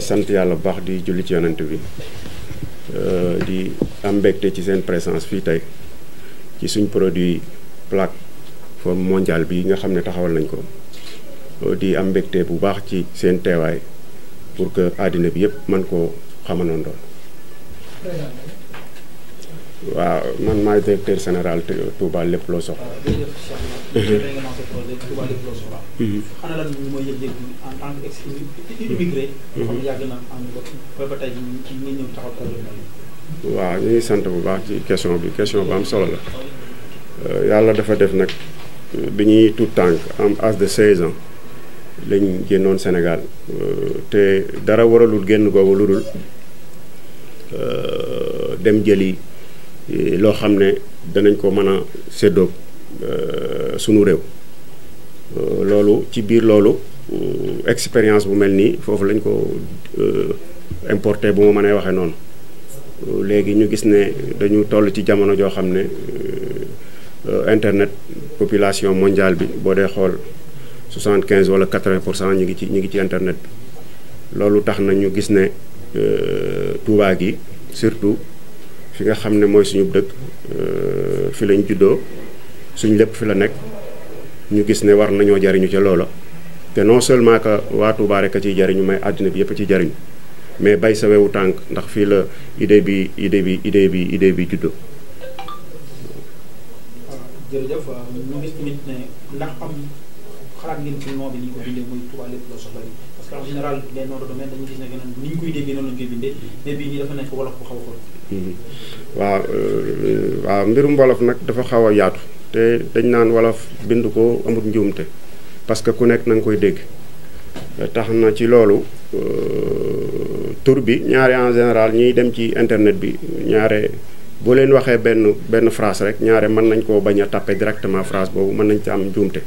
sant yàlla bu baax di julli ci yonent bi euh, di am mbégte ci seen présence fii tey ci suñ produit plateforme mondiale bi nga xam ne taxawal nañ ko euh, di am mbégte bu baax ci seen teewaay pour que àddina bi yëpp mën koo xamanoon doon waaw man maay directeur général Touba lépp loo soxla. waaw ñu ngi sant bu baax ci question bi question bi am solo euh, yàlla dafa def nag euh, bi ñuy tout tànk am âge de 16 ans lañ génnoon Sénégal euh, te dara waralu génn googu lu dul dem jëli. loo xam ne danañ ko mën a séddoo euh, sunu réew euh, loolu ci biir loolu euh, expérience bu mel nii foofu lañ ko importé bu ma mënee waxee noonu léegi ñu gis ne dañu toll ci jamono joo xam ne internet population mondiale bi boo dee xool 75 wala 80 pour cent ñu ngi ci ñu ngi ci internet loolu tax na ñu gis ne Touba gi surtout. fi nga xamne moy suñu dëkk euh, fi lañ juddoo suñu lepp fi la nek ñu gis ne war nañu jariñu ci loolu té non seulement ka wa Touba rek ci jariñu mais bi yépp ci jariñu mais bay sa wewu tank ndax fi la idée bi idée bi idée bi idée bi juddoo jërëjëf euh, ñu gis tamit ne ndax am xalaat ngeen ci ni ko bindee muy lépp soxla parce que en Hmm. waaw euh, waaw mbirum wolof nag dafa xaw a yaatu te dañ naan wolof bind ko amut njuumte parce que ku nekk na koy dégg tax na ci loolu euh, tur bi ñaare en général ñiy dem ci internet bi ñaare boo leen waxee benn benn phrase rek ñaare mën nañ koo bañ a tàppe directement phrase boobu mën nañ ci am njuumte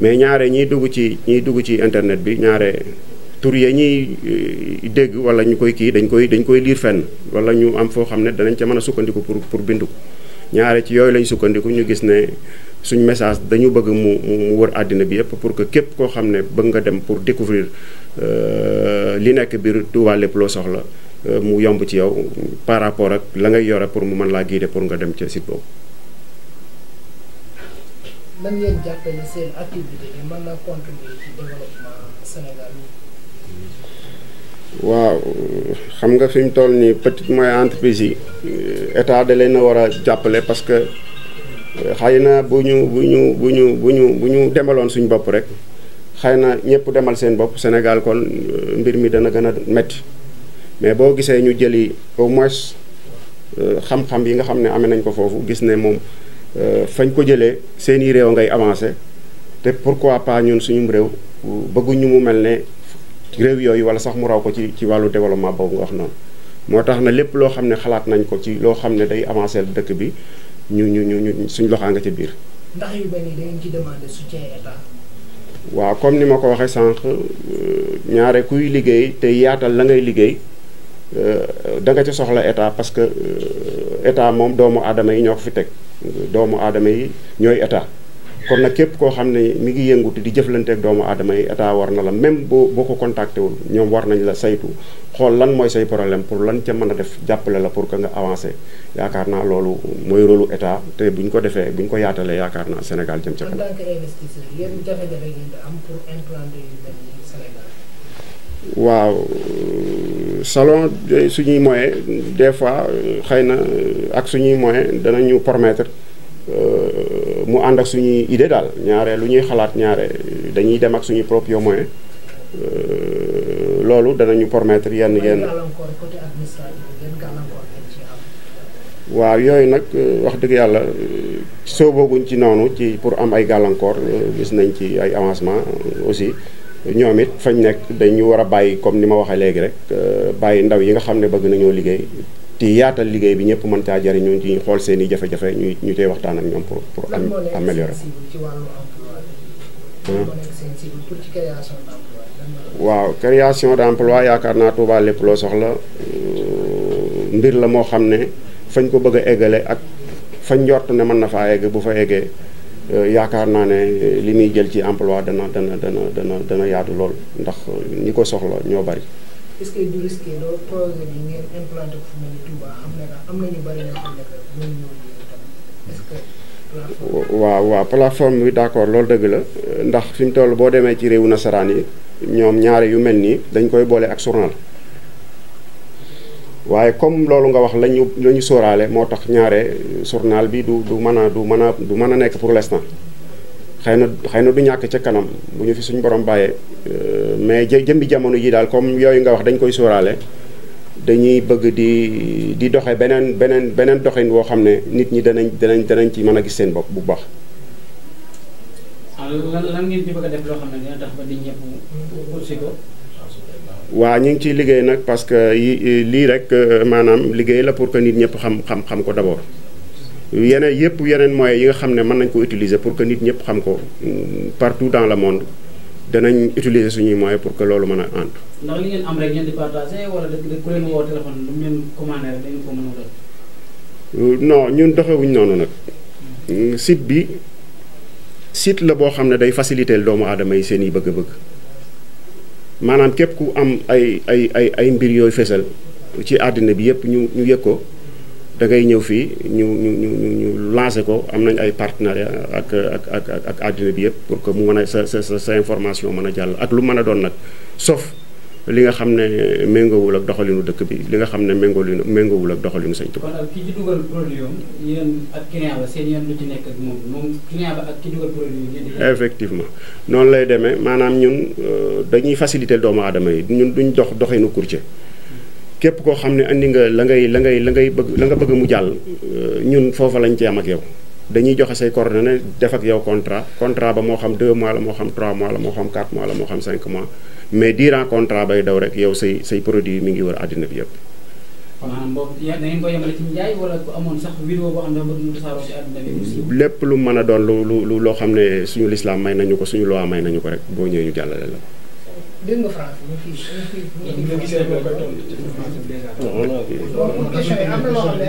mais ñaare ñiy dugg ci ñiy dugg ci internet bi ñaare tur ya ñuy eh, dégg wala ñu koy kii dañ koy dañ koy lire fenn wala ñu am foo xam ne danañ ca mën a sukkandiku pour pour bindu ko ñaare ci yooyu lañ sukkandiku ñu gis ne suñ message dañu bëgg mu mu wër àddina bi yépp pour que képp koo xam ne bëgg nga dem pour découvrir euh, li nekk biir Touba lépp loo soxla euh, mu yomb ci yow par rapport ak la ngay yore pour mu mën laa guidé pour nga dem ca site boobu nan ngeen jàppale seen activité bi mën na contribuer ci développement Sénégal waaw xam nga fi mu toll nii petite moyenne entreprise yi état da leen a war a jàppale parce que euh, xëy na bu ñu bu ñu bu ñu bu ñu bu ñu demaloon suñu bopp rek xëy na ñëpp demal seen bopp Sénégal kon euh, mbir mi dana gën a metti mais boo gisee ñu jëli au moins euh, xam-xam yi nga xam ne amee nañ ko foofu gis ne moom fañ ko jëlee seeni réew ngay avancé te pourquoi pas ñun suñu réew bëgguñu mu mel ne. réew yooyu wala sax mu raw ko ci ci wàllu développement boobu nga wax noonu moo tax na lépp loo xam ne xalaat nañ ko ci loo xam ne day avancer dëkk bi ñu ñu ñu suñ loxaa nga ca biir. waaw comme ni ma ko waxee sànq euh, ñaare kuy liggéey te yaatal la ngay liggéey euh, da nga ci soxla état parce que euh, état moom doomu aadama yi ñoo ko fi teg doomu aadama yi ñooy état. kon nag képp koo xam ne mi ngi yëngutu di jëflanteek doomu aadama yi état war na la même boo boo ko contacté wul ñoom war nañ la saytu xool lan mooy say problème pour lan ca mën a def jàppale la pour que nga avancé yaakaar naa loolu mooy rôlu état te bu ñu ko defee bu ñu ko yaatalee yaakaar naa Sénégal jëm ca kanam. waaw suñuy moyen des fois xëy na ak suñuy moyen danañu permettre. mu ànd ak suñuy idée daal ñaaree lu ñuy xalaat ñaare dañuy dem ak suñu propre moyen euh, loolu danañu permettre yenn yenn waaw yooyu nag euh, wax dëgg yàlla euh, soo booguñ ci noonu ci pour am ay gàllankoor gis nañ ci ay avancement aussi ñoom it fañ nekk dañu war a bàyyi comme ni ma waxee léegi rek bàyyi ndaw yi nga xam ne bëgg nañoo liggéey ti yaatal liggéey bi ñëpp mën caa jariñu ci ñu xool seen i jafe-jafe ñu ñu tey waxtaan ak ñoom pour pour améliorer waaw création d'emploi yaakaar naa Touba lépp loo soxla euh, mbir la moo xam ne fañ ko bëgg a eggale ak fañ njort ne mën na faa egg bu fa eggee euh, yaakaar naa ne li muy jël ci emploi dana dana dana dana dana yaatu lool ndax ñi ko soxla ñoo bari est-ce que du risque loolu projet waaw waaw plateforme bi d'accord loolu dëgg la ndax fi mu toll boo demee ci réewu nasaraan yi ñoom ñaare yu mel nii dañ koy boole ak journal waaye comme loolu nga wax lañu lañu sóoraale moo tax ñaare surnal bi du du mën a du mën a du mën a nekk pour l'instant xëy na du ñak ci kanam bu ñu fi suñu borom bàyyee euh, mais jëmbi jamono ji dal comme yoy nga wax dañ koy soralé dañuy bëgg di di doxé benen benen benen doxin wo xamné nit ñi dañ dañ dañ ci mëna gis seen bop bu baax. wa ñing ci liggéey nak parce que li rek euh, manam liggéey la pour que nit ñepp xam xam xam ko d'abord. yeneen yëpp yeneen moyens yi nga xam ne mën nañ ko utiliser pour que nit ñëpp xam ko mm, partout dans le monde danañ utiliser suñuy moyens pour que loolu mën a ànd. ndax li ngeen am rek ngeen euh, noonu nag. Mm. Mm, site bi site la boo xam ne day faciliter doomu aadama yi seen i bëgg-bëgg maanaam képp ku am ay ay ay ay mbir yooyu fesal ci àddina bi yëpp ñu ñu yëg ko. da ngay ñëw fii ñu ñu ñu ñu ñu lancé ko am nañ ay partenariat ak ak ak ak àddina bi yëpp pour que mu mën a sa sa information mën a jàll ak lu mën a doon nag sof li nga xam ne méngoowul ak doxalinu dëkk bi li nga xam ne méngoowul méngoowul ak doxalinu Sëñ Tuubaa. ak client ba seen yéen effectivement noonu lay demee maanaam ñun euh, dañuy faciliter doomu aadama yi ñun duñ dox doxinu courtier. képp koo xam ne andi nga la ngay la ngay la ngay bëgg la nga bëgg mu jàll euh, ñun foofa lañ ci am ak yow dañuy joxe say coordonnées def ak yow contrat contrat ba moo xam 2 mois la moo xam 3 mois la moo xam 4 mois la moo xam 5 mois mais durant contrat bay daw rek yow say say produit mi ngi wër àddina bi yëpp. maanaam ya, lépp lu mën a doon lu lu loo xam ne suñu lislaam may nañu ko suñu loi may nañu ko rek boo ñëwee ñu jàllale la. dégg nga France ñu fii am na loo xam ne.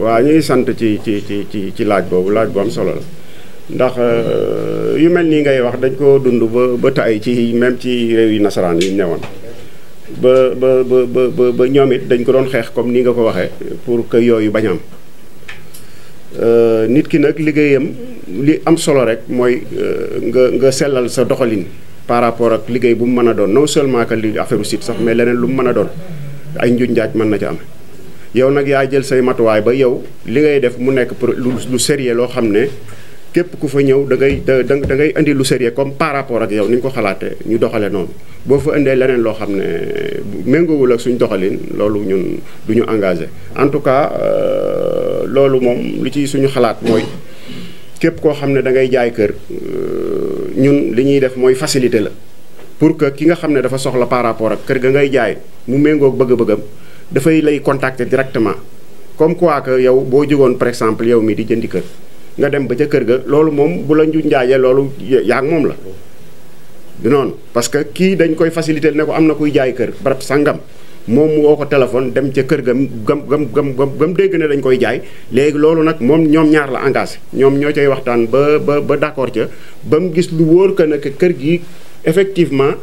Wah ñu ngi sant ci ci ci ci ci laaj boobu laaj bu am solo la ndax eh, yu mel nii ngay wax dañ ko dund ba ba tay ci même ci réew yi nasaraan yi newoon ba ba ba ba ba ñoom it dañ ko doon xeex comme ni nga ko waxee pour que yooyu bañ am eh, nit ki nag liggéeyam li am solo rek mooy eh, nga nga sellal sa doxalin par rapport ak liggéey bu mu mën a doon non seulement que li affaire site sax mais leneen lu mu mën a doon ay njuñ njaaj mën na ca am yow nag yaa jël say matuwaay ba yow li ngay def mu nekk lu sérieux loo xam ne képp ku fa ñëw da ngay da da ngay indi lu sérieux comme par rapport ak yow ni ñu ko xalaatee ñu doxale noonu boo fa indee leneen loo xam ne méngoowul ak suñ doxalin loolu ñun du ñu engagé en tout cas euh, loolu moom li ci suñu xalaat mooy képp koo xam ne da ngay jaay kër euh, ñun li ñuy def mooy facilité la pour que ki nga xam dafa soxla par rapport ak kër ga ngay jaay mu ak bëgg-bëggam fay lay contacter directement comme quoi que yow bo jigon par exemple yow mi di jëndi kër nga dem ba ca kër ga loolu mom bu la ñu njaayee loolu yaak mom la du non parce que ki dañ koy faciliter ne ko amna kuy jaay kër barap sangam mom mu woko téléphone dem ca kër gam gam gam gam gam gam dégg ne dañ koy jaay légui loolu nak mom ñom ñaar la engagé ñom ñoo cay waxtaan ba ba ba d'accord ca bam gis lu wóor que nak kër gi effectivement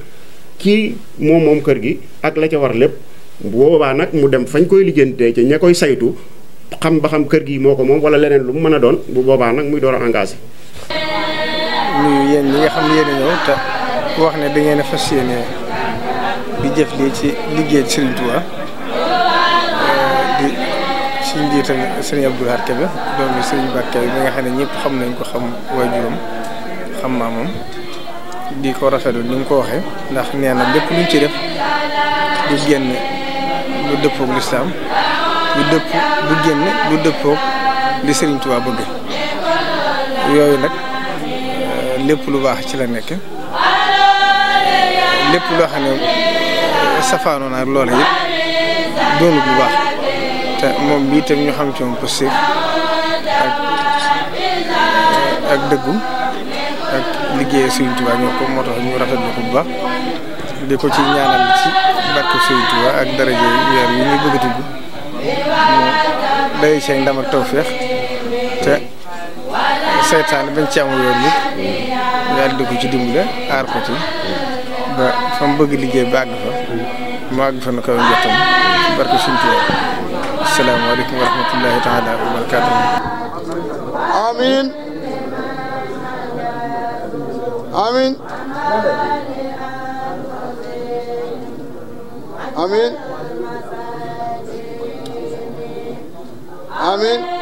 kii moo moom kër gi ak la ca war lépp bu boobaa nag mu dem fañ koy lijjantee ci ña koy saytu xam ba xam kër gi moo ko moom wala leneen lu mu mën a doon bu boobaa nag muy door a engagé. nuyu yéen ñi nga xam ne yéen a ñëw wax ne da ngeen yéene di jëf lii ci liggéey Serigne Touba di ci njiital Serigne Abdou Lahad Kébé doomi xam ne ñëpp xam nañ ko xam waajuram xam maamam. di ko rafetlu ni nga ko waxee ndax nee na lépp luñ ci def du génn lu dëppoog lislaam lu dëpp du génn lu dëppoog li Sëriñ Tuubaa bëgg yooyu nag euh, lépp lu baax ci la nekk lépp loo xam ne safaanoo naa loola yëpp doonul bu baax te moom bii tam ñu xam ci moom positif ak ak dëggu ak liggéeyee Serigne Touba ñoo ko moo tax ñu rafetlu ko bu baax di ko ci ñaanal ci barke Serigne wa ak daraje weer ñuy bëgg a tudd mu day seen ndam ak tawféex te seytaane bañ ci amul yoon nit yàlla di ci dimbale aar ko ci ba fa bëgg liggéey ba àgg fa mu àgg fa na ko njottam barke Serigne Touba asalaamaaleykum wa rahmatullahi taala wa barakatuh Amen. Amen. Amen.